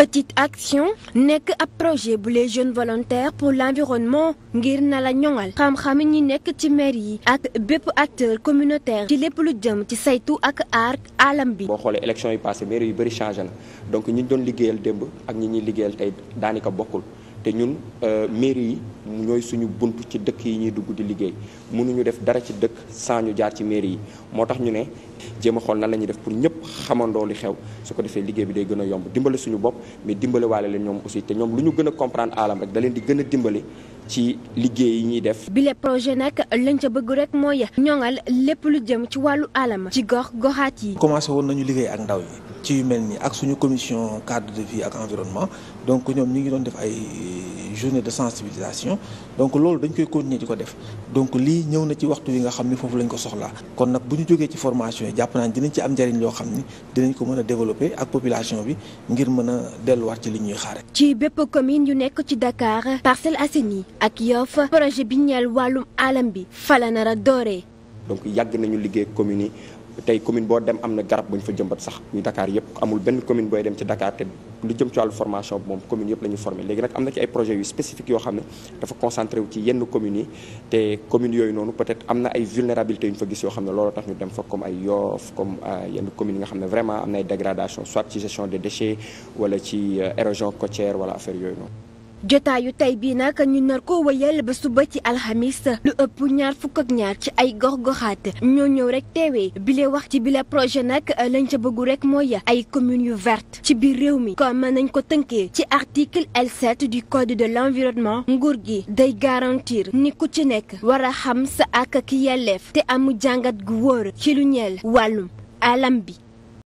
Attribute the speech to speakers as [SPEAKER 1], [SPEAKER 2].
[SPEAKER 1] Petite Action nekk ab projet bu les jeunes volontaires pour l'environnement ngir na la ñoŋal xam-xam ñi nekk ci maire yi ak bépp acteur communautaire ci lépp lu jëm ci saytu ak aar alam
[SPEAKER 2] bi. boo xoolee élection yi passé maire yu bëri changé na donc ñi doon liggéeyal démb ak ñi ñuy liggéeyal tey daanika bokkul. te ñun euh, mairie yi ñooy suñu bunt ci dëkk yi ñuy dugg di liggéey mënuñu def dara ci dëkk saa ñu jaar ci mairie yi moo tax ñu ne jéem a na nan la ñuy def pour ñëpp xamandoo li xew su ko defee liggéey bi day gën a yomb dimbale suñu bopp mais dimbale leen ñoom aussi te ñoom lu ñu gën a comprendre alam rek daleen di gën a dimbale ci
[SPEAKER 3] liggéey yi ñuy def.
[SPEAKER 1] bile projet nag lañ ca bëgg rek mooy ñoŋal lépp lu jëm ci wàllu alama. ci gox goxaat yi.
[SPEAKER 3] commencé woon nañu liggéey ak ndaw ñi ci yu mel nii ak suñu commission cadre de vie ak environnement donc ñoom ñu ngi doon def ay. journée de sensibilisation donc loolu dañ koy continuer di ko def donc lii ñëw na ci waxtu wi nga xam ni foofu lañ ko soxlaa kon nag bu ñu jógee ci formation yi jàpp naa dinañ ci am njariñ loo xam ni dinañ ko mën a développer ak population bi ngir mën a delluwaat ci li ñuy xaare
[SPEAKER 1] ci bépp commune yu nekk ci dakaar Dakar Parcelles Assainies ak Yoff projet bi ñeel wàllum alam bi fala nara dooree
[SPEAKER 2] donc yàgg nañu liggéey commune yi tey commune boo dem am na garab bu ñu fa jëmbat sax ñu Dakar yëpp amul benn commune booy dem ci Dakar te lu jëm ci wàllu formation bi moom commune yëpp la ñuy formé léegi nag am na ci ay projets yu spécifiques yoo xam ne dafa concentré wu ci yenn communes yi te am ñu fa gis yoo xam ne looloo tax ñu dem fa comme ay Yoff comme euh, yenn communes yi nga xam ne vraiment am na ay dégradation soit ci gestion des déchets wala ci euh, érosion côtière wala affaire yooyu noonu
[SPEAKER 1] jotaayu tey bii nag ñu nar ko wëyal ba suba ci alxamis lu ëpp ñaar fukk ak ñaar ci ay gox-goxaat ñoo ñëw rek teewee bile wax ci bile projet nag lañ ca bëggul rek mooy ay communes yu verte ci biir réew mi ko mën nañ ko tënkee ci article L7 du code de l'environnement nguur gi day garantir ni ku ci nekk war a xam sa ak ki yelleef te amu jàngat gu wóor ci lu ñeel wàllum alam bi